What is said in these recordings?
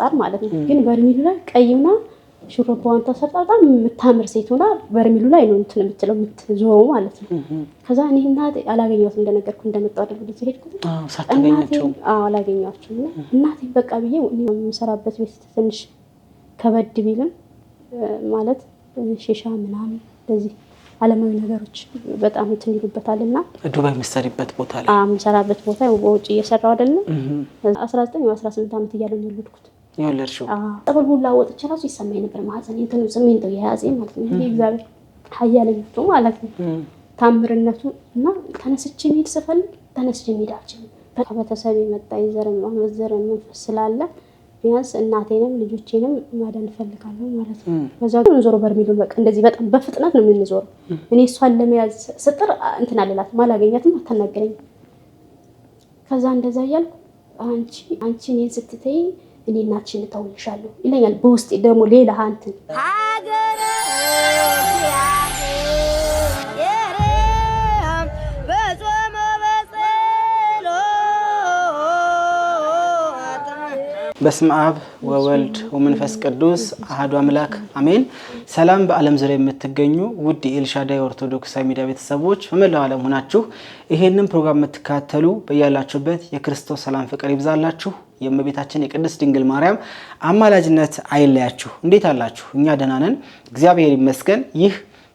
ይሰጣል ማለት ነው። ግን በርሚሉ ላይ ቀይና ሹሩባዋን ተሰርጣ በጣም የምታምር ሴት ሆና በርሚሉ ላይ ነው እንትን የምትለው የምትዞረው ማለት ነው። ከዛ እኔ እናቴ አላገኘኋትም እንደነገርኩ እንደመጣሁ አይደል ብዬሽ ሄድኩት። አላገኘኋትም እና እናቴ በቃ ብዬ የምሰራበት ቤት ትንሽ ከበድ ቢልም ማለት ሺሻ ምናምን እንደዚህ አለማዊ ነገሮች በጣም እንትን ይሉበታል እና ዱባይ የምትሰሪበት ቦታ ላይ የምሰራበት ቦታ በውጭ እየሰራሁ አይደለም። አስራ ዘጠኝ አስራ ስምንት ዓመት እያለሁ ነው የወለድኩት የወለድሽው ጠበል ሁላ ወጥቼ ራሱ ይሰማኝ ነበር። ማዘን እንትኑ ስሜን የያዘ የያዘኝ ማለት ነው። እግዚአብሔር ኃያልነቱ ማለት ነው ታምርነቱ እና ተነስቼ መሄድ ስፈልግ ተነስቼ መሄድ አልችልም። ከቤተሰብ የመጣ የዘር ዘር መንፈስ ስላለ ቢያንስ እናቴንም ልጆቼንም ማዳን እፈልጋለሁ ማለት ነው። በዛ ዞሮ በርሜሉን በቃ እንደዚህ በጣም በፍጥነት ነው የምንዞረው። እኔ እሷን ለመያዝ ስጥር እንትን አልላትም፣ አላገኛትም፣ አታናገረኝም። ከዛ እንደዛ እያልኩ አንቺ አንቺ እኔን ስትተይ እኔ እናትሽን እተውልሻለሁ ይለኛል። በውስጤ ደግሞ ሌላ እንትን በስመ አብ ወወልድ ወመንፈስ ቅዱስ አህዱ አምላክ አሜን። ሰላም በዓለም ዙሪያ የምትገኙ ውድ የኤልሻዳይ ኦርቶዶክሳዊ ሚዲያ ቤተሰቦች በመላው ዓለም ሆናችሁ ይሄንን ፕሮግራም የምትከታተሉ በያላችሁበት የክርስቶስ ሰላም ፍቅር ይብዛላችሁ። የእመቤታችን የቅድስት ድንግል ማርያም አማላጅነት አይለያችሁ። እንዴት አላችሁ? እኛ ደህና ነን፣ እግዚአብሔር ይመስገን። ይህ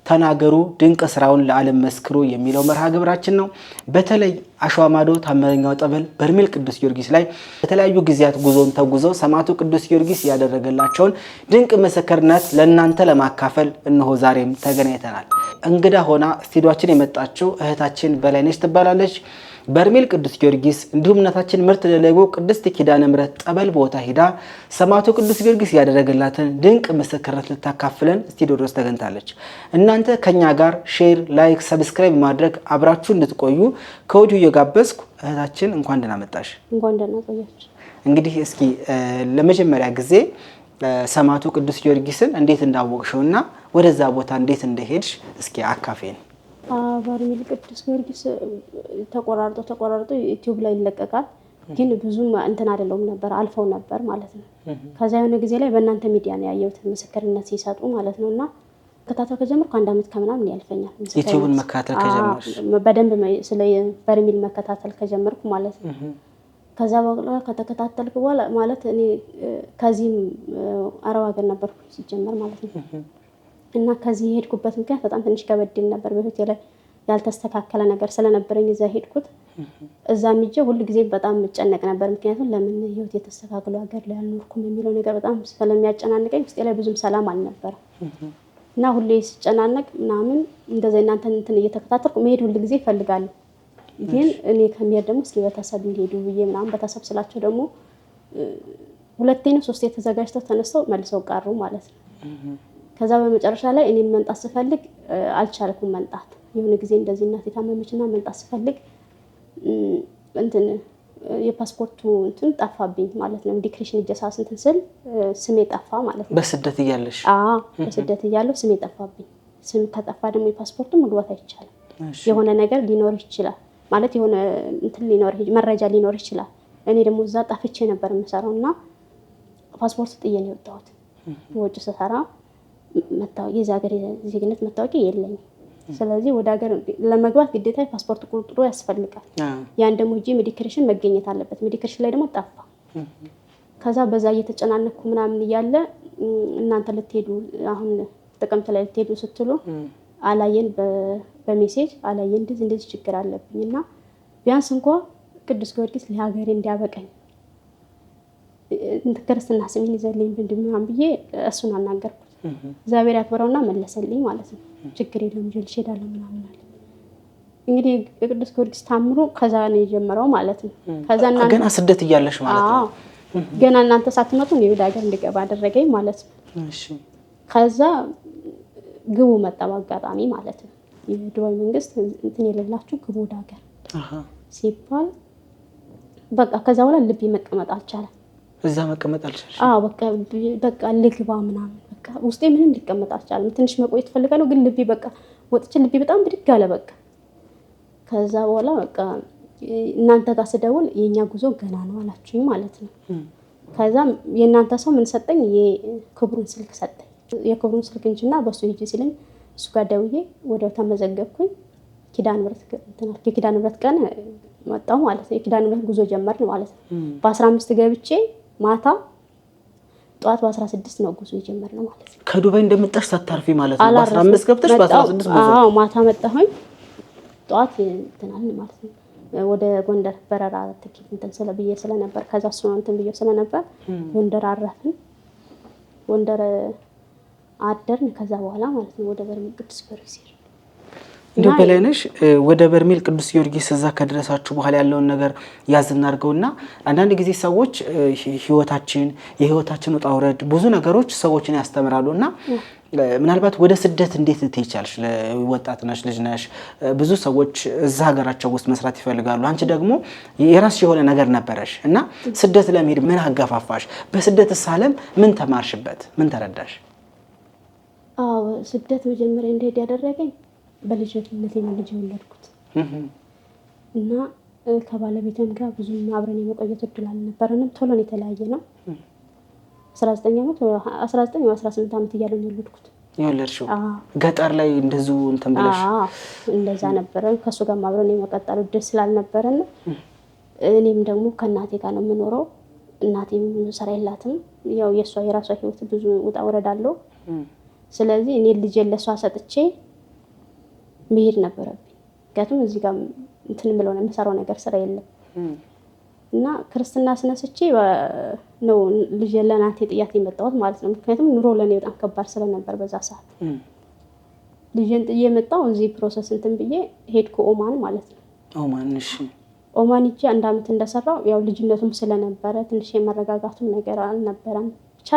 ተናገሩ ድንቅ ስራውን ለዓለም መስክሩ የሚለው መርሃ ግብራችን ነው። በተለይ አሸዋማዶ ታመረኛው ጠበል በርሜል ቅዱስ ጊዮርጊስ ላይ በተለያዩ ጊዜያት ጉዞን ተጉዘው ሰማዕቱ ቅዱስ ጊዮርጊስ ያደረገላቸውን ድንቅ ምስክርነት ለእናንተ ለማካፈል እነሆ ዛሬም ተገናኝተናል። እንግዳ ሆና ስቱዲዮአችን የመጣችው እህታችን በላይነች ትባላለች። በርሜል ቅዱስ ጊዮርጊስ እንዲሁም እናታችን ምርት ለለቦ ቅድስት ኪዳነ ምሕረት ጠበል ቦታ ሂዳ ሰማዕቱ ቅዱስ ጊዮርጊስ ያደረገላትን ድንቅ ምስክርነት ልታካፍለን ስቱዲዮ ድረስ ተገኝታለች። እናንተ ከኛ ጋር ሼር፣ ላይክ፣ ሰብስክራይብ ማድረግ አብራችሁ እንድትቆዩ ከወዲሁ እየጋበዝኩ እህታችን እንኳን ደህና መጣሽ። እንኳን ደህና እንግዲህ እስኪ ለመጀመሪያ ጊዜ ሰማዕቱ ቅዱስ ጊዮርጊስን እንዴት እንዳወቅሽውና ወደዛ ቦታ እንዴት እንደሄድሽ እስኪ አካፌን በርሜል ቅዱስ ጊዮርጊስ ተቆራርጦ ተቆራርጦ ዩቲዩብ ላይ ይለቀቃል። ግን ብዙም እንትን አይደለውም ነበር አልፈው ነበር ማለት ነው። ከዛ የሆነ ጊዜ ላይ በእናንተ ሚዲያ ነው ያየሁት ምስክርነት ሲሰጡ ማለት ነው እና መከታተል ከጀመርኩ አንድ አመት ከምናምን ያልፈኛል። ዩቲዩብን መከታተል ከጀመርሽ በደንብ ስለ በርሜል መከታተል ከጀመርኩ ማለት ነው። ከዛ በኋላ ከተከታተልኩ በኋላ ማለት እኔ ከዚህም አረብ ሀገር ነበርኩ ሲጀመር ማለት ነው እና ከዚህ የሄድኩበት ምክንያት በጣም ትንሽ ከበድ ነበር። በፊት ላይ ያልተስተካከለ ነገር ስለነበረኝ እዛ ሄድኩት። እዛ ሚጀ ሁሉ ጊዜ በጣም የምጨነቅ ነበር። ምክንያቱም ለምን ህይወት የተስተካክሎ ሀገር ላይ አልኖርኩም የሚለው ነገር በጣም ስለሚያጨናንቀኝ ውስጤ ላይ ብዙም ሰላም አልነበረ እና ሁሌ ስጨናነቅ ምናምን እንደዚ እናንተ እንትን እየተከታተልኩ መሄድ ሁሉ ጊዜ ይፈልጋሉ። ግን እኔ ከሚሄድ ደግሞ እስኪ በተሰብ እንዲሄዱ ብዬ ምናምን በተሰብ ስላቸው ደግሞ ሁለቴ ነው ሶስቴ ተዘጋጅተው ተነስተው መልሰው ቀሩ ማለት ነው። ከዛ በመጨረሻ ላይ እኔም መምጣት ስፈልግ አልቻልኩም መምጣት። የሆነ ጊዜ እንደዚህ እናት የታመመችና መምጣት ስፈልግ እንትን የፓስፖርቱ እንትን ጠፋብኝ ማለት ነው። ዲክሬሽን እጀሳ ስንትን ስል ስሜ ጠፋ ማለት ነው። በስደት እያለሽ? አዎ በስደት እያለሁ ስሜ ጠፋብኝ። ስም ከጠፋ ደግሞ የፓስፖርቱ መግባት አይቻልም። የሆነ ነገር ሊኖር ይችላል ማለት የሆነ እንትን ሊኖር መረጃ ሊኖር ይችላል። እኔ ደግሞ እዛ ጠፍቼ ነበር የምሰራው እና ፓስፖርት ጥዬ ነው የወጣሁት ወጪ ስሰራ መታወቂያ የዚህ ሀገር ዜግነት መታወቂያ የለኝም። ስለዚህ ወደ ሀገር ለመግባት ግዴታ ፓስፖርት ቁጥሩ ያስፈልጋል። ያን ደግሞ እጄ ሜዲኬሽን መገኘት አለበት። ሜዲኬሽን ላይ ደግሞ ጠፋ። ከዛ በዛ እየተጨናነኩ ምናምን እያለ እናንተ ልትሄዱ አሁን ጥቅምት ላይ ልትሄዱ ስትሉ አላየን በሜሴጅ አላየን እንደዚህ እንደዚህ ችግር አለብኝ እና ቢያንስ እንኳ ቅዱስ ጊዮርጊስ ለሀገሬ እንዲያበቀኝ ክርስትና ስሜን ይዘልኝ ምናምን ብዬ እሱን አናገርኩ። እግዚአብሔር ያክብረውና መለሰልኝ ማለት ነው። ችግር የለም ልጅ እሄዳለሁ ምናምን አለ። እንግዲህ ቅዱስ ጊዮርጊስ ታምሮ ከዛ ነው የጀመረው ማለት ነው። ገና ስደት እያለሽ ማለት ነው። ገና እናንተ ሳትመጡ ነው ወደ ሀገር እንድገባ አደረገኝ ማለት ነው። ከዛ ግቡ መጣ በአጋጣሚ ማለት ነው። የዱባይ መንግስት እንትን የሌላችሁ ግቡ ወደ ሀገር ሲባል በቃ ከዛ በኋላ ልቤ መቀመጥ አልቻለም። እዛ መቀመጥ አልቻለም። በቃ ልግባ ምናምን በቃ ውስጤ ምንም ሊቀመጥ አልቻለም። ትንሽ መቆየት ፈልጋለሁ ግን ልቤ በቃ ወጥቼ ልቤ በጣም ብድግ አለ። በቃ ከዛ በኋላ በቃ እናንተ ጋር ስደውል የእኛ ጉዞ ገና ነው አላችሁኝ ማለት ነው። ከዛም የእናንተ ሰው ምን ሰጠኝ? የክብሩን ስልክ ሰጠኝ። የክብሩን ስልክ እንጂና በሱ ሂጂ ሲልኝ እሱ ጋር ደውዬ ወዲያው ተመዘገብኩኝ። ኪዳነ ምሕረት የኪዳን ብረት ቀን መጣሁ ማለት ነው። የኪዳን ብረት ጉዞ ጀመርን ማለት ነው። በአስራ አምስት ገብቼ ማታ ጠዋት በ16 ነው ጉዞ የጀመርነው ማለት ነው። ከዱባይ እንደመጣሽ ሳታርፊ ማለት ነው። በ15 ገብተሽ በ16 ጉዞ። አዎ ማታ መጣሁኝ፣ ጠዋት እንትን አልን ማለት ነው። ወደ ጎንደር በረራ ትኬት እንትን ስለ ብዬ ስለነበር ከዛ እሱ ነው እንትን ብዬ ስለነበር ጎንደር አረፍን። ጎንደር አደርን። ከዛ በኋላ ማለት ነው ወደ በርሜል ቅዱስ ጊዮርጊስ እንዲሁ በላይነሽ ወደ በርሜል ቅዱስ ጊዮርጊስ እዛ ከደረሳችሁ በኋላ ያለውን ነገር ያዝ አንዳንድ ጊዜ ሰዎች ህይወታችን የህይወታችን ውጣ ውረድ ብዙ ነገሮች ሰዎችን ያስተምራሉ እና ምናልባት ወደ ስደት እንዴት ትይቻልሽ? ወጣት ነሽ፣ ልጅ ነሽ። ብዙ ሰዎች እዛ ሀገራቸው ውስጥ መስራት ይፈልጋሉ። አንቺ ደግሞ የራስ የሆነ ነገር ነበረሽ እና ስደት ለመሄድ ምን አገፋፋሽ? በስደት ዓለም ምን ተማርሽበት? ምን ተረዳሽ? አዎ ስደት መጀመሪያ እንደሄድ ያደረገኝ በልጅነት ነው ልጅ የወለድኩት እና ከባለቤቴም ጋር ብዙ አብረን የመቆየት እድል አልነበረንም። ቶሎን የተለያየ ነው። አስራ ዘጠኝ ዓመት አስራ ዘጠኝ ወይ አስራ ስምንት ዓመት እያለ የወለድኩት። የወለድሽው ገጠር ላይ እንደዚሁ እንትን ብለሽ እንደዛ ነበረ። ከእሱ ጋር አብረን የመቀጠል እድል ስላልነበረን እኔም ደግሞ ከእናቴ ጋር ነው የምኖረው። እናቴም ስራ የላትም። ያው የእሷ የራሷ ህይወት ብዙ ውጣ ውረድ አለው። ስለዚህ እኔ ልጄን ለእሷ ሰጥቼ መሄድ ነበረብኝ። ምክንያቱም እዚህ ጋር እንትን የምለው የምሰራው ነገር ስራ የለም እና ክርስትና ስነስቼ ነው ልጅ ለእናቴ ጥያት የመጣሁት ማለት ነው። ምክንያቱም ኑሮ ለእኔ በጣም ከባድ ስለነበር በዛ ሰዓት ልጅን ጥዬ የመጣው እዚህ ፕሮሰስ እንትን ብዬ ሄድኩ ኦማን ማለት ነው። ኦማን እሺ። ኦማን ሂጄ አንድ አመት እንደሰራው ያው ልጅነቱም ስለነበረ ትንሽ የመረጋጋቱም ነገር አልነበረም። ብቻ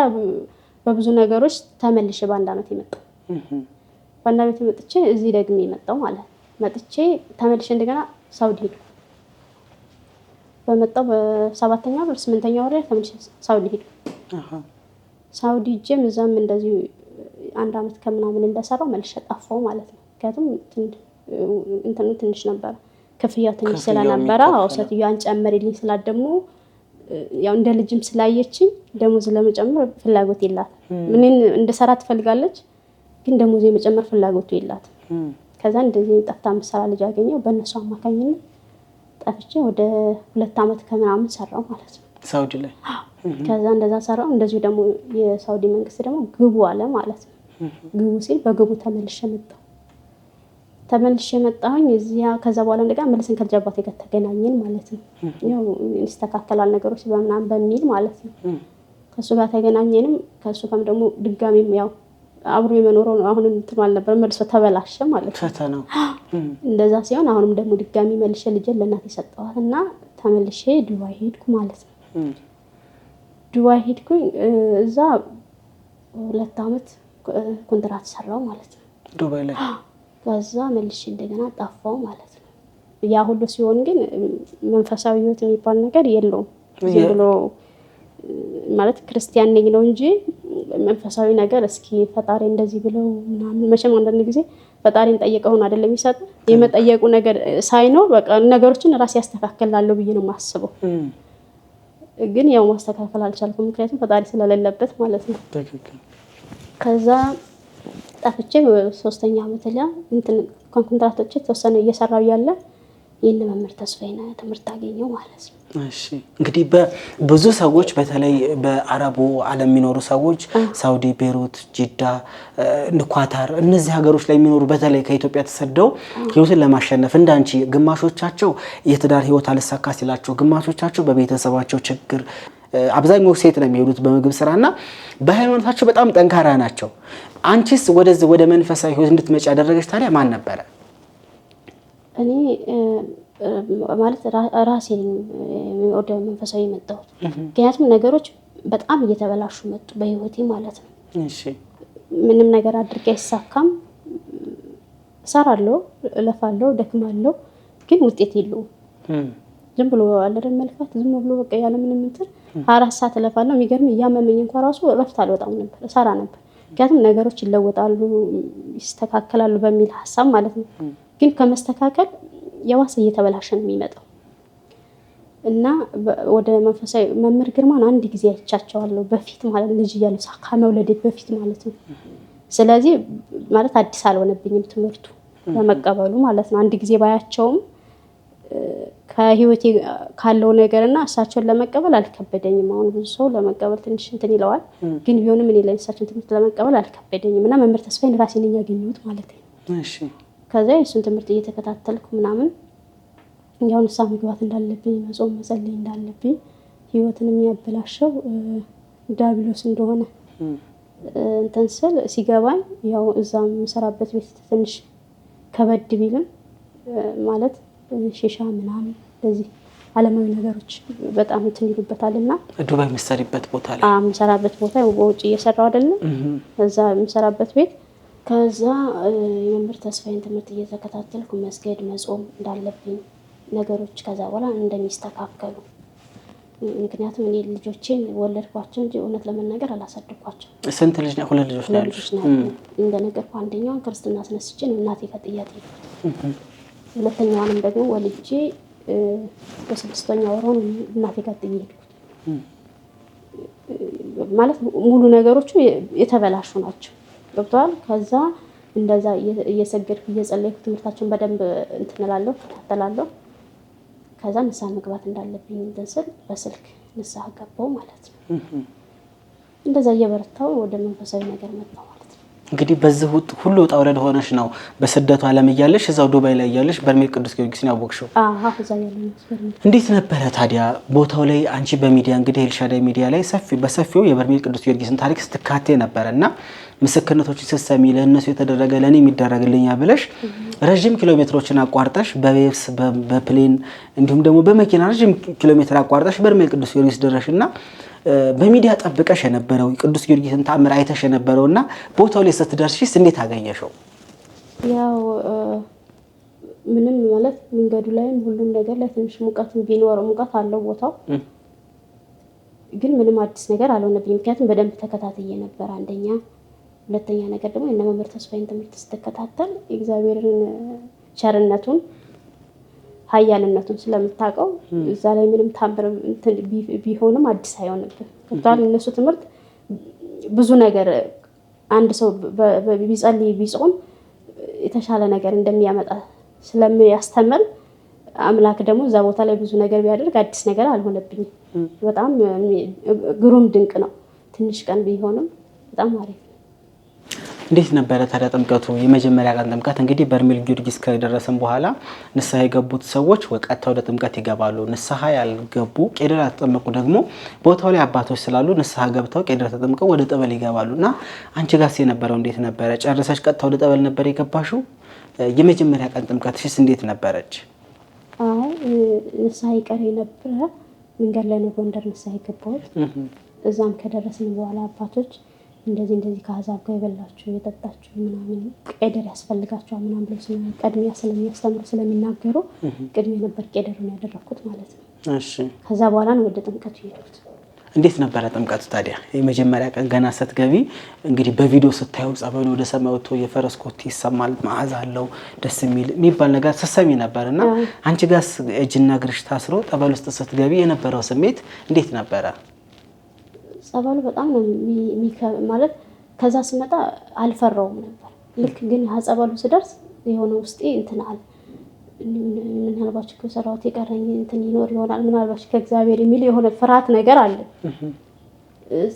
በብዙ ነገሮች ተመልሼ በአንድ አመት የመጣው ዋና ቤት መጥቼ እዚህ ደግሜ የመጣው ማለት መጥቼ ተመልሼ እንደገና ሳውዲ ሄድኩ። በመጣው በሰባተኛ ወር ስምንተኛ ወር ተመልሼ ሳውዲ ሄድኩ። ሳውዲ ሄጄም እዛም እንደዚሁ አንድ አመት ከምናምን እንደሰራው መልሼ ጣፋው ማለት ነው። ምክንያቱም እንትኑ ትንሽ ነበረ ክፍያው ትንሽ ስለነበረ ሴትዮዋን ጨምሪልኝ ስላት ደግሞ ያው እንደ ልጅም ስላየችኝ ደሞዝ ለመጨመር ፍላጎት የላት ምን እንደሰራ ትፈልጋለች ግን ደሞዝ የመጨመር ፍላጎቱ የላት ከዛ እንደዚህ ጠፍታ ምሰራ ልጅ አገኘው። በእነሱ አማካኝነት ጠፍቼ ወደ ሁለት ዓመት ከምናምን ሰራው ማለት ነው ሳውዲ ላይ። ከዛ እንደዛ ሰራው። እንደዚሁ ደግሞ የሳውዲ መንግስት ደግሞ ግቡ አለ ማለት ነው። ግቡ ሲል በግቡ ተመልሼ መጣሁ። ተመልሼ መጣሁኝ እዚያ። ከዛ በኋላ እንደገና መልሰን ከልጃባቴ ጋር ተገናኘን ማለት ነው። ያው ይስተካከላል ነገሮች በምናምን በሚል ማለት ነው። ከእሱ ጋር ተገናኘንም ከእሱ ጋርም ደግሞ ድጋሚም ያው አብሮ የመኖረው ነው። አሁንም እንትን አልነበረም መልሶ ተበላሸ ማለት ነው እንደዛ ሲሆን አሁንም ደግሞ ድጋሚ መልሼ ልጄን ለእናቴ ሰጠኋት እና ተመልሼ ዱባይ ሄድኩ ማለት ነው። ዱባይ ሄድኩኝ። እዛ ሁለት አመት ኮንትራት ሰራው ማለት ነው ዱባይ ላይ። ከዛ መልሼ እንደገና ጠፋው ማለት ነው። ያ ሁሉ ሲሆን ግን መንፈሳዊ ህይወት የሚባል ነገር የለውም ብሎ ማለት ክርስቲያን ነኝ ነው እንጂ መንፈሳዊ ነገር እስኪ ፈጣሪ እንደዚህ ብለው ምናምን መቼም አንዳንድ ጊዜ ፈጣሪን ጠየቀውን አይደለም ይሰጥ የመጠየቁ ነገር ሳይኖር በቃ ነገሮችን ራስ ያስተካከላለሁ ብዬ ነው የማስበው። ግን ያው ማስተካከል አልቻልኩም፣ ምክንያቱም ፈጣሪ ስለሌለበት ማለት ነው። ከዛ ጠፍቼ ሶስተኛ ዓመት ላ ኮንትራቶች የተወሰነ እየሰራው ያለ ይህን መምህር ተስፋዬን ትምህርት አገኘው ማለት ነው። እሺ እንግዲህ ብዙ ሰዎች በተለይ በአረቡ ዓለም የሚኖሩ ሰዎች ሳውዲ፣ ቤሩት፣ ጂዳ፣ ኳታር እነዚህ ሀገሮች ላይ የሚኖሩ በተለይ ከኢትዮጵያ ተሰደው ህይወትን ለማሸነፍ እንዳንቺ ግማሾቻቸው የትዳር ህይወት አልሳካ ሲላቸው፣ ግማሾቻቸው በቤተሰባቸው ችግር አብዛኛው ሴት ነው የሚሄዱት በምግብ ስራና በሃይማኖታቸው በጣም ጠንካራ ናቸው። አንቺስ ወደዚህ ወደ መንፈሳዊ ህይወት እንድትመጪ ያደረገች ታዲያ ማን ነበረ? እኔ ማለት ራሴን ወደ መንፈሳዊ መጣሁት። ምክንያቱም ነገሮች በጣም እየተበላሹ መጡ በህይወቴ ማለት ነው። ምንም ነገር አድርጌ አይሳካም። እሰራለሁ፣ እለፋለሁ፣ ደክማለሁ፣ ግን ውጤት የለውም። ዝም ብሎ አለርን መልፋት ዝም ብሎ በቃ ያለ ምንም እንትን አራት ሰዓት እለፋለሁ። የሚገርም እያመመኝ እንኳ ራሱ እረፍት አልወጣም ነበር፣ እሰራ ነበር። ምክንያቱም ነገሮች ይለወጣሉ፣ ይስተካከላሉ በሚል ሀሳብ ማለት ነው። ግን ከመስተካከል የዋሰ እየተበላሸ ነው የሚመጣው እና ወደ መንፈሳዊ መምህር ግርማን አንድ ጊዜ አይቻቸዋለሁ በፊት ማለት ልጅ እያለሁ ከመውለዴ በፊት ማለት ነው። ስለዚህ ማለት አዲስ አልሆነብኝም ትምህርቱ በመቀበሉ ማለት ነው። አንድ ጊዜ ባያቸውም ከህይወቴ ካለው ነገር እና እሳቸውን ለመቀበል አልከበደኝም። አሁን ብዙ ሰው ለመቀበል ትንሽ እንትን ይለዋል፣ ግን ቢሆንም እኔ ላይ እሳቸውን ትምህርት ለመቀበል አልከበደኝም እና መምህር ተስፋዬን ራሴን ያገኘሁት ማለት ነው። ከዚያ የእሱን ትምህርት እየተከታተልኩ ምናምን ያው ንስሐ መግባት እንዳለብኝ መጾም መጸለይ እንዳለብኝ ህይወትን የሚያበላሸው ዳብሎስ እንደሆነ እንትን ስል ሲገባኝ ያው እዛ የምሰራበት ቤት ትንሽ ከበድ ቢልም ማለት ሺሻ ምናምን እንደዚህ አለማዊ ነገሮች በጣም እንትን ይሉበታል እና ዱባይ የምሰሪበት ቦታ ላይ የምሰራበት ቦታ በውጭ እየሰራው አይደለም እዛ የምሰራበት ቤት ከዛ የመምህር ተስፋዬን ትምህርት እየተከታተልኩ መስገድ መጾም እንዳለብኝ ነገሮች ከዛ በኋላ እንደሚስተካከሉ ምክንያቱም እኔ ልጆቼን ወለድኳቸው እንጂ እውነት ለመናገር አላሳድኳቸው። ስንት ልጅ? ሁለት ልጆች ልጆች ና እንደነገርኩ አንደኛውን ክርስትና ስነስችን እናቴ ከጥያቄ ሁለተኛዋንም ደግሞ ወልጄ በስድስተኛ ወሯን እናቴ ከጥዬ ሄድኩት። ማለት ሙሉ ነገሮቹ የተበላሹ ናቸው። ገብተዋል። ከዛ እንደዛ እየሰገድኩ እየጸለይኩ ትምህርታችን በደንብ እንትንላለሁ እከታተላለሁ። ከዛ ንስሐ መግባት እንዳለብኝ እንትን ስል በስልክ ንስሐ ገባው ማለት ነው። እንደዛ እየበረታው ወደ መንፈሳዊ ነገር መጣው። ማለት ነው። እንግዲህ በዚህ ሁሉ ውጣ ውረድ ሆነሽ ነው በስደቱ ዓለም እያለሽ እዛው ዱባይ ላይ እያለሽ በርሜል ቅዱስ ጊዮርጊስን ያወቅሽው? እንዴት ነበረ ታዲያ ቦታው ላይ አንቺ በሚዲያ እንግዲህ ኤልሻዳይ ሚዲያ ላይ በሰፊው የበርሜል ቅዱስ ጊዮርጊስን ታሪክ ስትካቴ ነበረ እና ምስክርነቶች ስሰሚ ለእነሱ የተደረገ ለእኔ የሚደረግልኛ ብለሽ ረዥም ኪሎ ሜትሮችን አቋርጠሽ በቤብስ በፕሌን እንዲሁም ደግሞ በመኪና ረዥም ኪሎ ሜትር አቋርጠሽ በርሜል ቅዱስ ጊዮርጊስ ደረሽ እና በሚዲያ ጠብቀሽ የነበረው ቅዱስ ጊዮርጊስን ታምር አይተሽ የነበረው እና ቦታው ላይ ስትደርሽስ እንዴት አገኘሽው? ያው ምንም ማለት መንገዱ ላይም ሁሉም ነገር ላይ ትንሽ ሙቀት ቢኖረው ሙቀት አለው ቦታው ግን ምንም አዲስ ነገር አልሆነብኝ። ምክንያቱም በደንብ ተከታትዬ ነበር አንደኛ ሁለተኛ ነገር ደግሞ የእነ መምህር ተስፋዬን ትምህርት ስትከታተል የእግዚአብሔርን ቸርነቱን ኃያልነቱን ስለምታውቀው እዛ ላይ ምንም ታምር ቢሆንም አዲስ አይሆንብን። ገብቶሃል? እነሱ ትምህርት ብዙ ነገር አንድ ሰው ቢጸልይ ቢጾም የተሻለ ነገር እንደሚያመጣ ስለሚያስተምር አምላክ ደግሞ እዛ ቦታ ላይ ብዙ ነገር ቢያደርግ አዲስ ነገር አልሆነብኝም። በጣም ግሩም ድንቅ ነው። ትንሽ ቀን ቢሆንም በጣም አሪፍ እንዴት ነበረ ታዲያ ጥምቀቱ? የመጀመሪያ ቀን ጥምቀት እንግዲህ በርሜል ጊዮርጊስ ከደረሰን በኋላ ንስሐ የገቡት ሰዎች ቀጥታ ወደ ጥምቀት ይገባሉ። ንስሐ ያልገቡ ቄደር ያልተጠመቁ ደግሞ ቦታው ላይ አባቶች ስላሉ ንስሐ ገብተው ቄደር ተጠምቀው ወደ ጠበል ይገባሉ። እና አንቺ ጋርስ የነበረው እንዴት ነበረ? ጨረሰች ቀጥታ ወደ ጠበል ነበር የገባሹ? የመጀመሪያ ቀን ሽስ እንዴት ነበረች? ንስሐ ይቀር የነበረ መንገድ ላይ ነው ጎንደር ንስሐ የገባሁት። እዛም ከደረስን በኋላ አባቶች እንደዚህ እንደዚህ ከአሕዛብ ጋር የበላችሁ የጠጣችሁ ምናምን ቄደር ያስፈልጋቸዋል ምናምን ብለው ቀድሚያ ስለሚያስተምሩ ስለሚናገሩ ቅድሜ ነበር ቄደሩን ያደረግኩት ማለት ነው። ከዛ በኋላ ነው ወደ ጥምቀቱ የሄድኩት። እንዴት ነበረ ጥምቀቱ ታዲያ? የመጀመሪያ ቀን ገና ስትገቢ እንግዲህ በቪዲዮ ስታየው ጸበሉ ወደ ሰማይ ወጥቶ የፈረስ ኮቴ ይሰማል፣ መዓዛ አለው ደስ የሚል የሚባል ነገር ስትሰሚ ነበር እና አንቺ ጋስ እጅና እግርሽ ታስሮ ጠበል ውስጥ ስትገቢ የነበረው ስሜት እንዴት ነበረ? ጸበሉ በጣም ነው ማለት ከዛ ስመጣ አልፈራውም ነበር። ልክ ግን ጸበሉ ስደርስ የሆነ ውስጤ እንትን አለ። ምናልባች ከሰራሁት የቀረኝ እንትን ይኖር ይሆናል ምናልባች ከእግዚአብሔር የሚል የሆነ ፍርሃት ነገር አለ።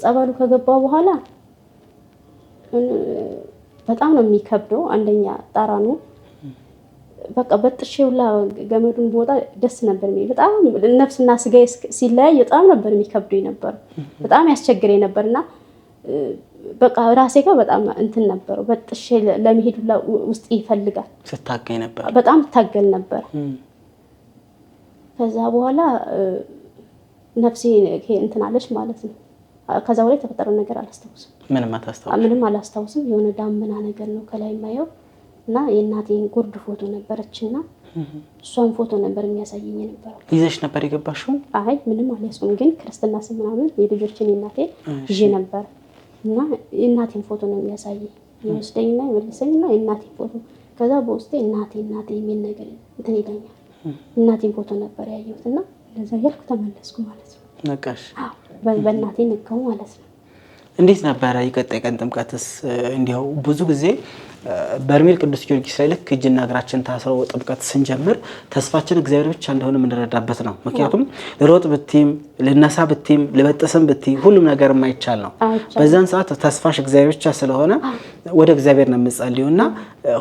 ጸበሉ ከገባ በኋላ በጣም ነው የሚከብደው። አንደኛ ነው። በቃ በጥሼ ሁላ ገመዱን ቦታ ደስ ነበር። በጣም ነፍስና ስጋ ሲለያይ በጣም ነበር የሚከብደኝ ነበር፣ በጣም ያስቸግረኝ ነበር እና በቃ ራሴ ጋር በጣም እንትን ነበረው። በጥሼ ለመሄድ ሁላ ውስጥ ይፈልጋል። ስታገኝ ነበር፣ በጣም ታገል ነበር። ከዛ በኋላ ነፍሴ እንትን አለች ማለት ነው። ከዛ በላይ የተፈጠረው ነገር አላስታውስም፣ ምንም አላስታውስም፣ የሆነ ዳመና ነገር ነው ከላይ የማየው እና የእናቴን ጉርድ ፎቶ ነበረች እና እሷን ፎቶ ነበር የሚያሳየኝ ነበረው። ይዘሽ ነበር የገባሽው? አይ ምንም አልያዝኩም፣ ግን ክርስትና ስም ምናምን የልጆችን የእናቴ ይዤ ነበር እና የእናቴን ፎቶ ነው የሚያሳየኝ። የወስደኝና የመልሰኝ እና የእናቴን ፎቶ ከዛ በውስጤ እናቴ እናቴ የሚል ነገር እንትን ይለኛል። እናቴን ፎቶ ነበር ያየሁት እና እንደዛ እያልኩ ተመለስኩ ማለት ነው። ነቃሽ? በእናቴ ነቃው ማለት ነው። እንዴት ነበረ የቀጣይ ቀን ጥምቀትስ? እንዲያው ብዙ ጊዜ በርሜል ቅዱስ ጊዮርጊስ ላይ ልክ እጅና እግራችን ታስረው ጥምቀት ስንጀምር ተስፋችን እግዚአብሔር ብቻ እንደሆነ የምንረዳበት ነው። ምክንያቱም ልሮጥ ብትም ልነሳ ብትም ልበጥስም ብት ሁሉም ነገር የማይቻል ነው። በዛን ሰዓት ተስፋሽ እግዚአብሔር ብቻ ስለሆነ ወደ እግዚአብሔር ነው የምጸልዩ እና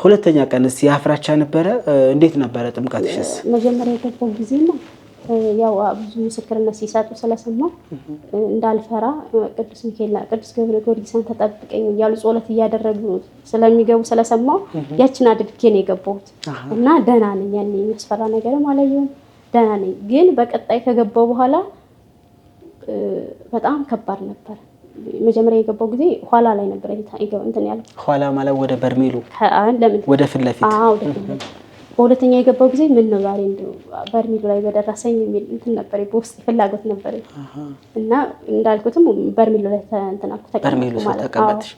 ሁለተኛ ቀንስ ያፍራቻ ነበረ። እንዴት ነበረ ጥምቀትሽስ? መጀመሪያ የገባው ነው ያው ብዙ ምስክርነት ሲሰጡ ስለሰማ እንዳልፈራ ቅዱስ ሚካኤልና ቅዱስ ገብረ ጊዮርጊስን ተጠብቀኝ እያሉ ጸሎት እያደረጉ ስለሚገቡ ስለሰማው ያችን አድርጌ ነው የገባሁት እና ደህና ነኝ። ያኔ የሚያስፈራ ነገርም አላየሁም። ደህና ነኝ። ግን በቀጣይ ከገባው በኋላ በጣም ከባድ ነበር። መጀመሪያ የገባው ጊዜ ኋላ ላይ ነበር እንትን ኋላ ማለት ወደ በርሜሉ ወደ ፊት ለፊት በሁለተኛ የገባው ጊዜ ምን ነው ዛሬ በርሚሉ ላይ በደረሰኝ የሚል እንትን ነበር፣ በውስጥ ፍላጎት ነበር እና እንዳልኩትም በርሚሉ ላይ ተቀመጥሽ።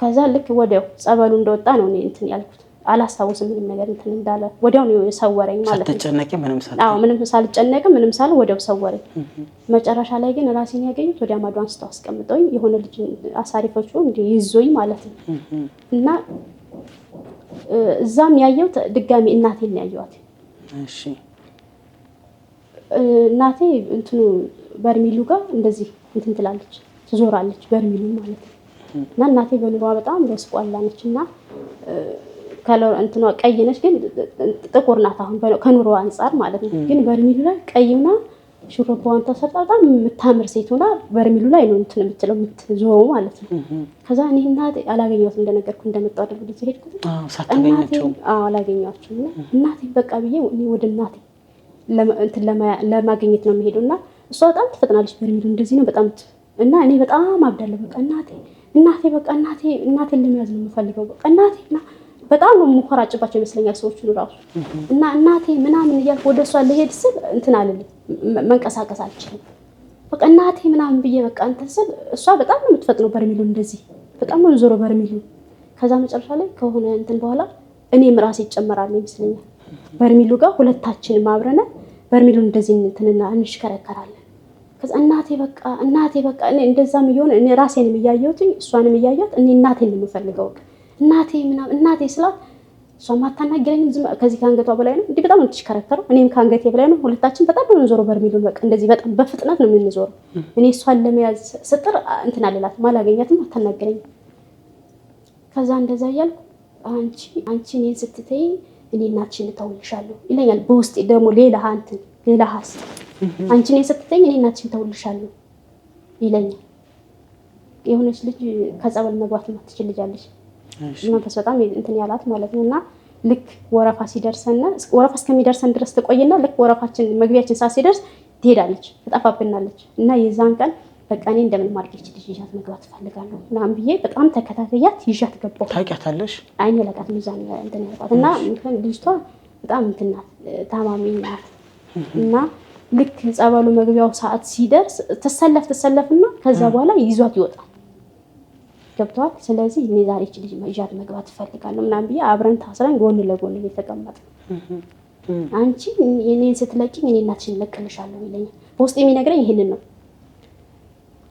ከዛ ልክ ወዲያው ጸበሉ እንደወጣ ነው እኔ እንትን ያልኩት። አላስታውስም ምንም ነገር እንትን እንዳለ ወዲያው ነው የሰወረኝ ማለት ነው። ምንም ሳልጨነቅም ምንም ሳል ወዲያው ሰወረኝ። መጨረሻ ላይ ግን ራሴን ያገኙት ወዲያ ማዶ አንስተው አስቀምጠውኝ የሆነ ልጅ አሳሪፎቹ እንዲህ ይዞኝ ማለት ነው እና እዛም ያየሁት ድጋሚ እናቴን ነው ያየኋት። እሺ እናቴ እንትኑ በርሚሉ ጋር እንደዚህ እንትን ትላለች፣ ትዞራለች፣ በርሚሉ ማለት ነው። እና እናቴ በኑሯ በጣም በስቋላ ነች እና ከለር እንትኗ ቀይ ነች፣ ግን ጥቁር ናት አሁን ከኑሮ አንጻር ማለት ነው። ግን በርሚሉ ላይ ቀይና ሹሩባዋን ተሰርጣ በጣም የምታምር ሴት ሆና በርሚሉ ላይ ነው እንትን የምትለው የምትዞረው ማለት ነው። ከዛ እኔ እናቴ አላገኘኋትም እንደነገርኩ እንደመጣሁ አደረጉ ጊዜ ሄድኩ አላገኘኋቸውም። እናቴ በቃ ብዬ እኔ ወደ እናቴ እንትን ለማግኘት ነው የምሄደው እና እሷ በጣም ትፈጥናለች። በርሚሉ እንደዚህ ነው በጣም እና እኔ በጣም አብዳለሁ። በቃ እናቴ እናቴ በቃ እናቴ እናቴን ለመያዝ ነው የምፈልገው በቃ እናቴ በጣም ነው የምኮራጭባቸው ይመስለኛል ሰዎቹን ራሱ እና እናቴ ምናምን እያልኩ ወደ እሷ ልሄድ ስል እንትን አልልም መንቀሳቀስ አልችልም። በቃ እናቴ ምናምን ብዬ በቃ እንትን ስል እሷ በጣም ነው የምትፈጥነው በርሚሉ እንደዚህ በጣም ነው ዞሮ በርሚሉ። ከዛ መጨረሻ ላይ ከሆነ እንትን በኋላ እኔም ራሴ ይጨመራል ይመስለኛል በርሚሉ ጋር ሁለታችንም አብረን በርሚሉ እንደዚህ እንትንና እንሽከረከራለን። ከዛ እናቴ በቃ እናቴ በቃ እኔ እንደዛም እየሆነ እኔ ራሴንም እያየሁትኝ እሷንም እያየሁት እኔ እናቴን ነው የምፈልገው እናቴ ምናምን እናቴ ስላት እሷም አታናግረኝም። ዝም ከዚህ ከአንገቷ በላይ ነው እንዲህ በጣም የምትሽከረከረው፣ እኔም ከአንገቴ በላይ ነው። ሁለታችን በጣም ነው የምንዞረው በርሜሉን በቃ እንደዚህ በጣም በፍጥነት ነው የምንዞረው። እኔ እሷን ለመያዝ ስጥር እንትን አልላትም፣ አላገኛትም፣ አታናግረኝም። ከዛ እንደዛ እያልኩ አንቺ አንቺ እኔን ስትተይ እኔ እናትሽን ይለኛል በውስጤ ደግሞ ሌላ እንትን ሌላ ሀስ አንቺ እኔን እኔ እናትሽን እንተውልሻለሁ ይለኛል። የሆነች ልጅ ከጸበል መግባት የማትችል ልጅ አለች መንፈስ በጣም እንትን ያላት ማለት ነው እና ልክ ወረፋ ሲደርሰና ወረፋ እስከሚደርሰን ድረስ ትቆይና ልክ ወረፋችን መግቢያችን ሰዓት ሲደርስ ትሄዳለች፣ ትጠፋብናለች። እና የዛን ቀን በቃ እኔ እንደምን ማድረግ ልጅ ይዣት መግባት እፈልጋለሁ ምናምን ብዬ በጣም ተከታተያት ይዣት ገባሁ። ታውቂያታለሽ? አይኔ ለቃት ሚዛን እንትን ያልኳት እና ልጅቷ በጣም እንትን ታማሚ ናት። እና ልክ ጸበሉ መግቢያው ሰዓት ሲደርስ ትሰለፍ ትሰለፍና ከዛ በኋላ ይዟት ይወጣል። ገብተዋል። ስለዚህ እኔ ዛሬ ይህች ልጅ ይዣት መግባት እፈልጋለሁ ምናምን ብዬ አብረን ታስረን ጎን ለጎን የተቀመጥ አንቺ የኔን ስትለቂኝ እኔ እናትሽን እለቅልሻለሁ ይለኛል። በውስጥ የሚነግረኝ ይህንን ነው።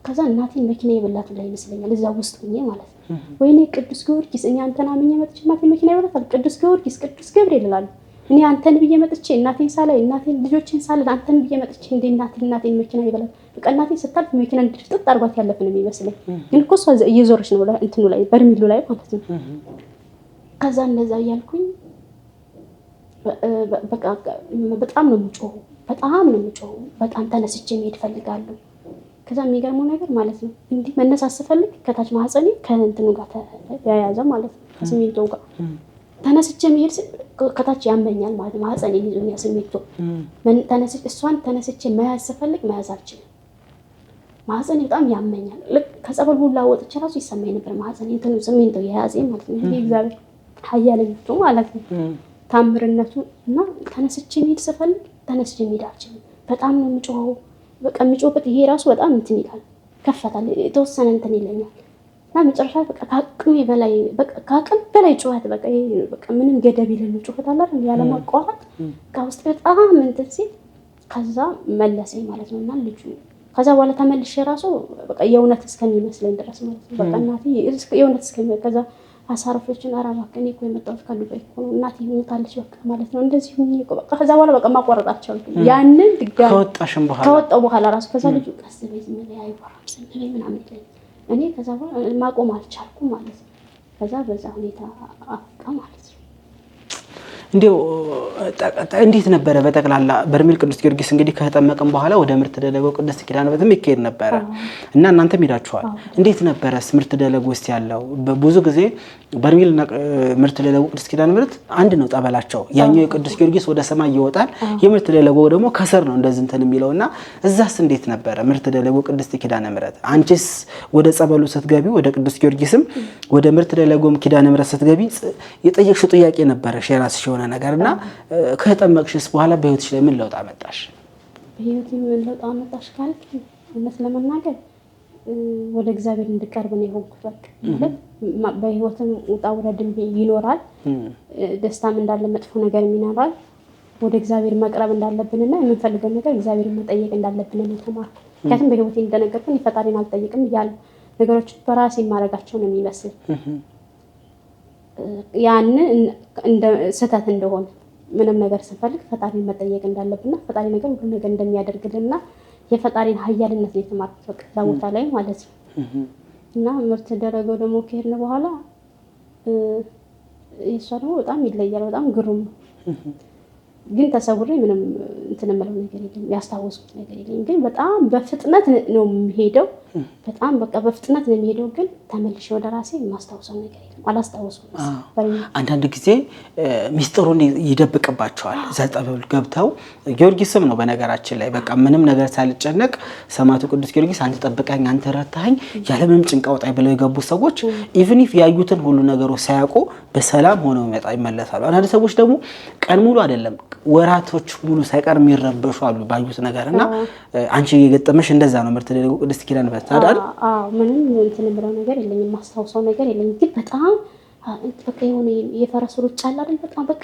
ከዛ እናቴን መኪና የበላት ላይ ይመስለኛል እዛ ውስጥ ሁኜ ማለት ነው። ወይኔ ቅዱስ ጊዮርጊስ እኛ እንተናምኝ መጥቼ እናቴን መኪና ይበላታል ቅዱስ ጊዮርጊስ ቅዱስ ገብርኤል ይላሉ። እኔ አንተን ብዬ መጥቼ እናቴን ሳላይ እናቴን ልጆችን ሳለን አንተን ብዬ መጥቼ እንደ እናቴን እናቴን መኪና ይበላል። በቃ እናቴን ስታልፍ መኪና እንድትጥጥ አድርጓት ነው የሚመስለኝ ግን እኮ እሷ እየዞረች ነው እንትኑ ላይ በርሚሉ ላይ ማለት ነው። ከዛ እንደዛ እያልኩኝ በቃ በጣም ነው የምጮሁ፣ በጣም ነው የምጮሁ። በጣም ተነስቼ መሄድ እፈልጋለሁ። ከዛ የሚገርመው ነገር ማለት ነው እንዲህ መነሳት ስፈልግ ከታች ማህፀኔ ከእንትኑ ጋር ተያያዘ ማለት ነው ከስሜንቶ ጋር ተነስቼ መሄድ ከታች ያመኛል ማለት ማህፀን ማህፀኔን ይዞኛል እሷን ተነስቼ መያዝ ስፈልግ መያዝ አልችልም። ማህፀን በጣም ያመኛል። ልክ ከጸበል ሁላ ወጥቼ ራሱ ይሰማኝ ነበር ማህፀን እንትኑ ስሜንተው የያዘ ማለት ነው። እግዚአብሔር ኃያልነቱ ማለት ነው ታምርነቱ እና ተነስቼ መሄድ ስፈልግ ተነስቼ መሄድ አልችልም። በጣም ነው የምጮኸው። በቃ የምጮህበት ይሄ ራሱ በጣም እንትን ይላል፣ ከፈታል የተወሰነ እንትን ይለኛል እና መጨረሻ በቃ በላይ በቃ ከአቅም በላይ ጩኸት በቃ ምንም ገደብ የሌለው ጩኸት አለ ያለማቋረጥ ከውስጥ በጣም እንትን ሲል ከዛ መለሰኝ ማለት ነው እና ልጁ ከዛ በኋላ ተመልሼ ራሱ የእውነት እስከሚመስለኝ ድረስ ማለት ነው በቃ እናቴ የእውነት እስከሚመስለኝ ከዛ አሳረፎችን ኧረ እኔ እኮ የመጣሁት ከዱባይ እኮ ነው እናቴ ሞታለች በቃ ማለት ነው እንደዚህ ሁኜ በቃ ከዛ በኋላ በቃ ማቋረጥ አልቻልኩም ያንን ድጋሚ ከወጣሁ በኋላ ራሱ ከዛ ልጁ ቀስ በይ ዝም በይ አይወራም ዝም በይ ምናምን ይለኛል እኔ ከዛ በኋላ ማቆም አልቻልኩም ማለት ነው። ከዛ በዛ ሁኔታ አፍቃ ማለት ነው። እንዲው እንዴት ነበረ? በጠቅላላ በርሜል ቅዱስ ጊዮርጊስ እንግዲህ ከተጠመቅም በኋላ ወደ ምርት ደለጎ ቅድስት ኪዳነ ምሕረትም ይካሄድ ነበረ እና እናንተም ሄዳችኋል። እንዴት ነበረ ምርት ደለጎ ውስጥ ያለው? ብዙ ጊዜ በርሜልና ምርት ደለጎ ቅድስት ኪዳነ ምሕረት አንድ ነው ጠበላቸው። ያኛው የቅዱስ ጊዮርጊስ ወደ ሰማይ ይወጣል፣ የምርት ደለጎ ደግሞ ከስር ነው እንደዚህ እንትን የሚለው እና እዛስ እንዴት ነበረ ምርት ደለጎ ቅድስት ኪዳነ ምሕረት? አንቺስ ወደ ጸበሉ ስትገቢ ወደ ቅዱስ ጊዮርጊስም ወደ ምርት ደለጎም ኪዳነ ምሕረት ስትገቢ የጠየቅሽው ጥያቄ ነበረ የራስሽ የሆነ ነገር እና ከተጠመቅሽስ በኋላ በህይወትሽ ላይ ምን ለውጥ አመጣሽ? በህይወት ምን ለውጥ አመጣሽ ካልክ እውነት ለመናገር ወደ እግዚአብሔር እንድቀርብ ነው የሆንኩት። በቃ በህይወትም ውጣ ውረድም ይኖራል፣ ደስታም እንዳለ መጥፎ ነገር ይኖራል። ወደ እግዚአብሔር መቅረብ እንዳለብንና የምንፈልገው ነገር እግዚአብሔር መጠየቅ እንዳለብን ነው ተማርኩ። ምክንያቱም በህይወቴ እንደነገርኩን ፈጣሪን አልጠይቅም እያለ ነገሮች በራሴ የማደርጋቸው ነው የሚመስል ያን ስህተት እንደሆነ ምንም ነገር ስንፈልግ ፈጣሪን መጠየቅ እንዳለብንና ፈጣሪ ነገር ሁሉ ነገር እንደሚያደርግልንና የፈጣሪን ኃያልነት ነው የተማርኩት በቃ እዛ ቦታ ላይ ማለት ነው። እና ምርት ደረገው ደግሞ ከሄድን በኋላ የእሷ ደግሞ በጣም ይለያል። በጣም ግሩም ነው። ግን ተሰውሬ ምንም እንትን የምለው ነገር የለም፣ ያስታወስኩት ነገር የለም። ግን በጣም በፍጥነት ነው የሚሄደው በጣም በቃ በፍጥነት ነው የሚሄደው። ግን ተመልሼ ወደ ራሴ የማስታውሰው ነገር የለም፣ አላስታውሰውም። አንዳንድ ጊዜ ሚስጥሩን ይደብቅባቸዋል። እዛ ጠበል ገብተው ጊዮርጊስም ነው በነገራችን ላይ በቃ ምንም ነገር ሳልጨነቅ ሰማዕቱ ቅዱስ ጊዮርጊስ አንተ ጠብቀኝ፣ አንተ ረታኸኝ፣ ያለምንም ጭንቃ ውጣኝ ብለው የገቡ ሰዎች ኢቭን ኢፍ ያዩትን ሁሉ ነገሮች ሳያውቁ በሰላም ሆነው ይመጣ ይመለሳሉ። አንዳንድ ሰዎች ደግሞ ቀን ሙሉ አይደለም ወራቶች ሙሉ ሳይቀር የሚረበሹ አሉ ባዩት ነገር እና አንቺ የገጠመሽ እንደዛ ነው ምርት ቅድስት ኪዳን ማለት አይደል? አዎ ምንም እንትን የምለው ነገር የለኝም፣ ማስታውሰው ነገር የለኝም። ግን በጣም በቃ የሆነ የፈረስ ሩጫ አለ አይደል? በጣም በቃ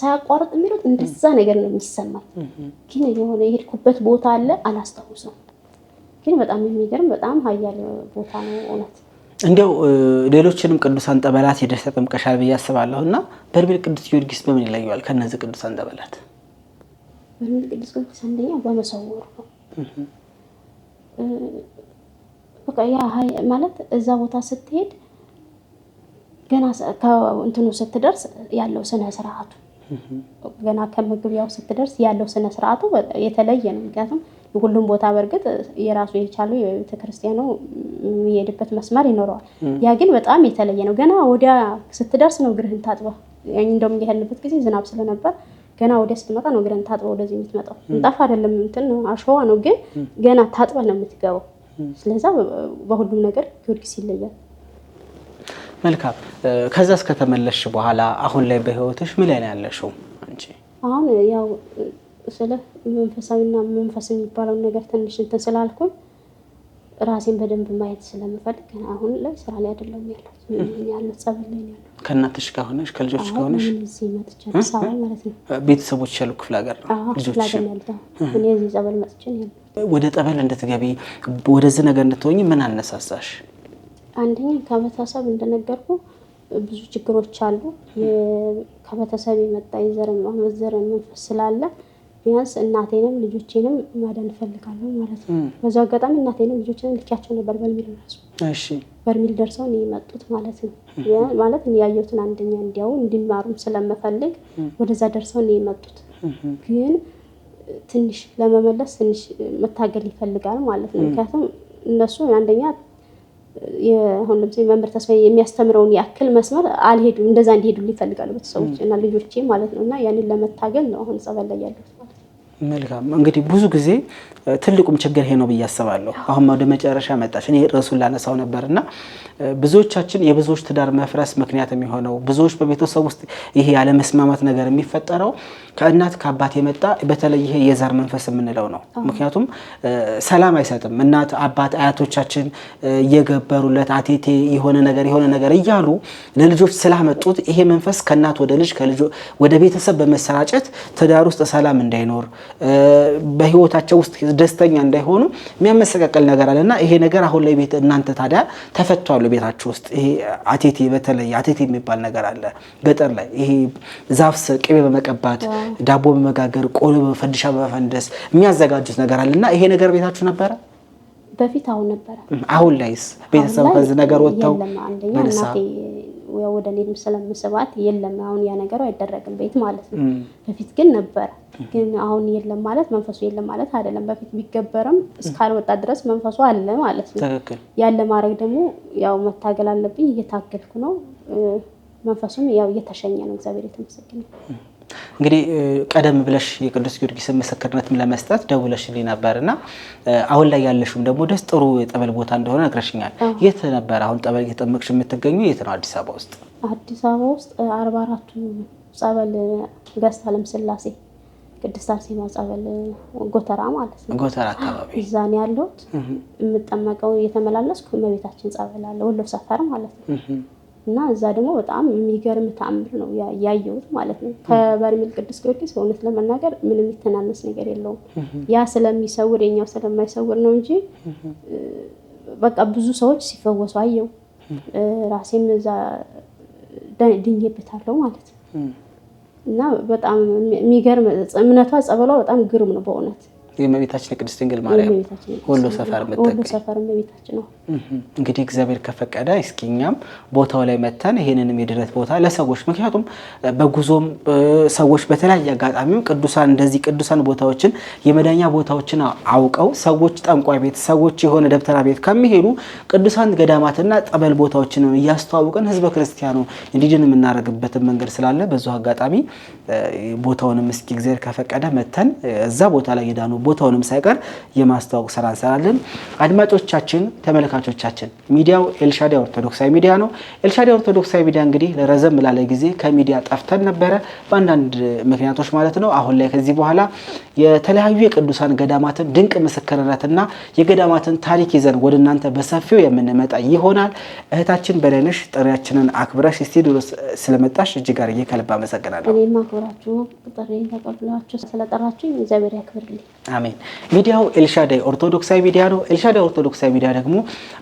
ሳያቋርጥ የሚሉት እንደዛ ነገር ነው የሚሰማኝ። ግን የሆነ የሄድኩበት ቦታ አለ አላስታውሰው። ግን በጣም የሚገርም በጣም ሀያል ቦታ ነው እውነት። እንዲያው ሌሎችንም ቅዱሳን ጠበላት ሄደሽ ተጠምቀሻል ብዬ አስባለሁ። እና በርሜል ቅዱስ ጊዮርጊስ በምን ይለየዋል ከእነዚህ ቅዱሳን ጠበላት? በርሜል ቅዱስ ጊዮርጊስ አንደኛው በመሰወሩ ነው በቃ ያ ማለት እዛ ቦታ ስትሄድ ገና እንትኑ ስትደርስ ያለው ስነ ስርዓቱ ገና ከምግብ ያው ስትደርስ ያለው ስነ ስርዓቱ የተለየ ነው። ምክንያቱም ሁሉም ቦታ በእርግጥ የራሱ የቻሉ የቤተክርስቲያኑ የሚሄድበት መስመር ይኖረዋል። ያ ግን በጣም የተለየ ነው። ገና ወዲያ ስትደርስ ነው እግርህን ታጥበህ እንደውም የሄድንበት ጊዜ ዝናብ ስለነበር ገና ወዲያ ስትመጣ ነው እግርህን ታጥበህ ወደዚህ የምትመጣው። ምንጣፍ አይደለም እንትን አሸዋ ነው፣ ግን ገና ታጥበህ ነው የምትገባው። ስለዛ በሁሉም ነገር ጊዮርጊስ ይለያል። መልካም። ከዛስ ከተመለስሽ በኋላ አሁን ላይ በህይወትሽ ምን ላይ ነው ያለሽው? አንቺ አሁን ያው ስለ መንፈሳዊና መንፈስ የሚባለውን ነገር ትንሽ እንትን ስላልኩኝ ራሴን በደንብ ማየት ስለምፈልግ አሁን ላይ ስራ ላይ አይደለም ያለሁት፣ ጸበል ላይ ነው ከእናትሽ ጋር ሆነሽ ከልጆች ጋር ሆነሽ ቤተሰቦች ያሉ ክፍለ ሀገር ጸበል መጥቼ ነው። ወደ ጠበል እንድትገቢ ወደዚህ ነገር እንድትሆኝ ምን አነሳሳሽ? አንደኛ ከቤተሰብ እንደነገርኩ ብዙ ችግሮች አሉ። ከቤተሰብ የመጣ የዘር መዘር መንፈስ ስላለ ቢያንስ እናቴንም ልጆቼንም ማዳን እፈልጋለሁ ማለት ነው። በዚሁ አጋጣሚ እናቴንም ልጆቼንም ልኪያቸው ነበር በርሚል ራሱ በርሚል ደርሰው ነው የመጡት ማለት ነው። ማለት ያየሁትን አንደኛ እንዲያው እንዲማሩም ስለምፈልግ ወደዛ ደርሰው ነው የመጡት ግን ትንሽ ለመመለስ ትንሽ መታገል ይፈልጋል ማለት ነው። ምክንያቱም እነሱ አንደኛ አሁን ለምሳሌ መምህር ተስፋ የሚያስተምረውን ያክል መስመር አልሄዱ እንደዛ እንዲሄዱ ይፈልጋሉ ቤተሰቦች እና ልጆቼ ማለት ነው። እና ያንን ለመታገል ነው አሁን ጸበል ላይ ያሉት። መልካም እንግዲህ ብዙ ጊዜ ትልቁም ችግር ይሄ ነው ብዬ አስባለሁ። አሁን ወደ መጨረሻ መጣሽ። እኔ ርዕሱን ላነሳው ነበርና ብዙዎቻችን የብዙዎች ትዳር መፍረስ ምክንያት የሚሆነው ብዙዎች በቤተሰብ ውስጥ ይሄ ያለመስማማት ነገር የሚፈጠረው ከእናት ከአባት የመጣ በተለይ ይሄ የዘር መንፈስ የምንለው ነው። ምክንያቱም ሰላም አይሰጥም። እናት አባት፣ አያቶቻችን እየገበሩለት አቴቴ የሆነ ነገር የሆነ ነገር እያሉ ለልጆች ስላመጡት ይሄ መንፈስ ከእናት ወደ ልጅ ወደ ቤተሰብ በመሰራጨት ትዳር ውስጥ ሰላም እንዳይኖር በህይወታቸው ውስጥ ደስተኛ እንዳይሆኑ የሚያመሰቃቀል ነገር አለ እና ይሄ ነገር አሁን ላይ ቤት እናንተ ታዲያ ተፈቷል። ቤታችሁ ውስጥ ይሄ አቴቴ በተለይ አቴቴ የሚባል ነገር አለ ገጠር ላይ ይሄ ዛፍ ቅቤ በመቀባት ዳቦ በመጋገር ቆሎ በፈንድሻ በመፈንደስ የሚያዘጋጁት ነገር አለ እና ይሄ ነገር ቤታችሁ ነበረ በፊት? አሁን ነበረ። አሁን ላይስ ቤተሰብ ከዚህ ነገር ወጥተው ወደ እኔ ስለምስባት የለም። አሁን ያ ነገሩ አይደረግም ቤት ማለት ነው። በፊት ግን ነበረ፣ ግን አሁን የለም ማለት መንፈሱ የለም ማለት አይደለም። በፊት ቢገበርም እስካልወጣ ድረስ መንፈሱ አለ ማለት ነው። ያለ ማድረግ ደግሞ ያው መታገል አለብኝ። እየታገልኩ ነው። መንፈሱም ያው እየተሸኘ ነው። እግዚአብሔር የተመሰገነ እንግዲህ ቀደም ብለሽ የቅዱስ ጊዮርጊስን ምስክርነትም ለመስጠት ደውለሽልኝ ነበር እና አሁን ላይ ያለሽም ደግሞ ደስ ጥሩ የጠበል ቦታ እንደሆነ ነግረሽኛል። የት ነበር አሁን ጠበል እየተጠመቅሽ የምትገኙ? የት ነው? አዲስ አበባ ውስጥ አዲስ አበባ ውስጥ አርባ አራቱ ጸበል ገዝታ ለምስላሴ ቅድስት አርሴማ ጸበል ጎተራ ማለት ነው። ጎተራ አካባቢ እዛ ነው ያለሁት። የምጠመቀው እየተመላለስኩ እመቤታችን ጸበል አለ ወሎ ሰፈር ማለት ነው እና እዛ ደግሞ በጣም የሚገርም ተአምር ነው ያየሁት ማለት ነው። ከበርሜል ቅዱስ ጊዮርጊስ በእውነት ለመናገር ምንም የሚተናነስ ነገር የለውም። ያ ስለሚሰውር የኛው ስለማይሰውር ነው እንጂ በቃ ብዙ ሰዎች ሲፈወሱ አየው። ራሴም እዛ ድኜበታለሁ ማለት ነው እና በጣም የሚገርም እምነቷ ጸበሏ በጣም ግሩም ነው በእውነት የእመቤታችን ቅድስት ድንግል ማርያም ሁሉ ሰፈር እመቤታችን ነው። እንግዲህ እግዚአብሔር ከፈቀደ እስኪ እኛም ቦታው ላይ መተን ይሄንንም የድረት ቦታ ለሰዎች ምክንያቱም በጉዞም ሰዎች በተለያየ አጋጣሚም ቅዱሳን እንደዚህ ቅዱሳን ቦታዎችን የመዳኛ ቦታዎችን አውቀው ሰዎች ጠንቋይ ቤት፣ ሰዎች የሆነ ደብተራ ቤት ከሚሄዱ ቅዱሳን ገዳማትና ጠበል ቦታዎችን እያስተዋውቀን ህዝበ ክርስቲያኑ እንዲድን የምናደርግበትን መንገድ ስላለ በዙ አጋጣሚ ቦታውንም እስኪ እግዚአብሔር ከፈቀደ መተን እዛ ቦታ ላይ የዳኑ ቦታውንም ሳይቀር የማስተዋወቅ ስራ እንሰራለን። አድማጮቻችን፣ ተመልካቾቻችን ሚዲያው ኤልሻዳይ ኦርቶዶክሳዊ ሚዲያ ነው። ኤልሻዳይ ኦርቶዶክሳዊ ሚዲያ እንግዲህ ለረዘም ላለ ጊዜ ከሚዲያ ጠፍተን ነበረ በአንዳንድ ምክንያቶች ማለት ነው። አሁን ላይ ከዚህ በኋላ የተለያዩ የቅዱሳን ገዳማትን ድንቅ ምስክርነትና የገዳማትን ታሪክ ይዘን ወደ እናንተ በሰፊው የምንመጣ ይሆናል። እህታችን በላይነሽ ጥሪያችንን አክብረሽ ስቱዲዮ ስለመጣሽ እጅ ጋር ከልብ አመሰግናለሁ። እኔም አክብራችሁ ጥሪ ተቀብላችሁ ስለጠራችሁ እግዚአብሔር ያክብርልኝ። አሜን። ሚዲያው ኤልሻዳይ ኦርቶዶክሳዊ ሚዲያ ነው። ኤልሻዳይ ኦርቶዶክሳዊ ሚዲያ ደግሞ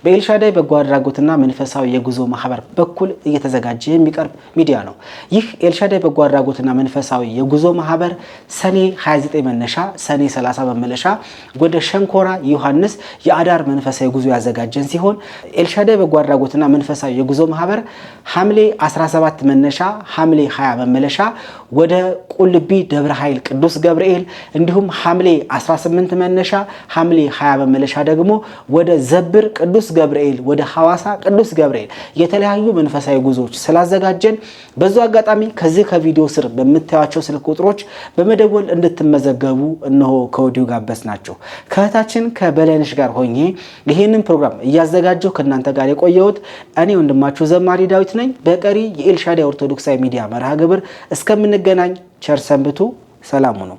በኤልሻዳይ በጎ አድራጎትና መንፈሳዊ የጉዞ ማህበር በኩል እየተዘጋጀ የሚቀርብ ሚዲያ ነው። ይህ ኤልሻዳይ በጎ አድራጎትና መንፈሳዊ የጉዞ ማህበር ሰኔ 29 መነሻ፣ ሰኔ 30 መመለሻ ወደ ሸንኮራ ዮሐንስ የአዳር መንፈሳዊ ጉዞ ያዘጋጀን ሲሆን ኤልሻዳይ በጎ አድራጎትና መንፈሳዊ የጉዞ ማህበር ሐምሌ 17 መነሻ፣ ሐምሌ 20 መመለሻ ወደ ቁልቢ ደብረ ኃይል ቅዱስ ገብርኤል እንዲሁም ሐምሌ 18 መነሻ ሐምሌ 20 መመለሻ ደግሞ ወደ ዘብር ቅዱስ ገብርኤል ወደ ሐዋሳ ቅዱስ ገብርኤል የተለያዩ መንፈሳዊ ጉዞዎች ስላዘጋጀን በዙ አጋጣሚ ከዚህ ከቪዲዮ ስር በምታያቸው ስልክ ቁጥሮች በመደወል እንድትመዘገቡ እነሆ ከወዲሁ ጋበዝ ናቸው። ከእህታችን ከበላይነሽ ጋር ሆኜ ይህንን ፕሮግራም እያዘጋጀው ከእናንተ ጋር የቆየሁት እኔ ወንድማችሁ ዘማሪ ዳዊት ነኝ። በቀሪ የኤልሻዳይ ኦርቶዶክሳዊ ሚዲያ መርሃ ግብር እስከምንገናኝ ቸር ሰንብቱ። ሰላሙ ነው።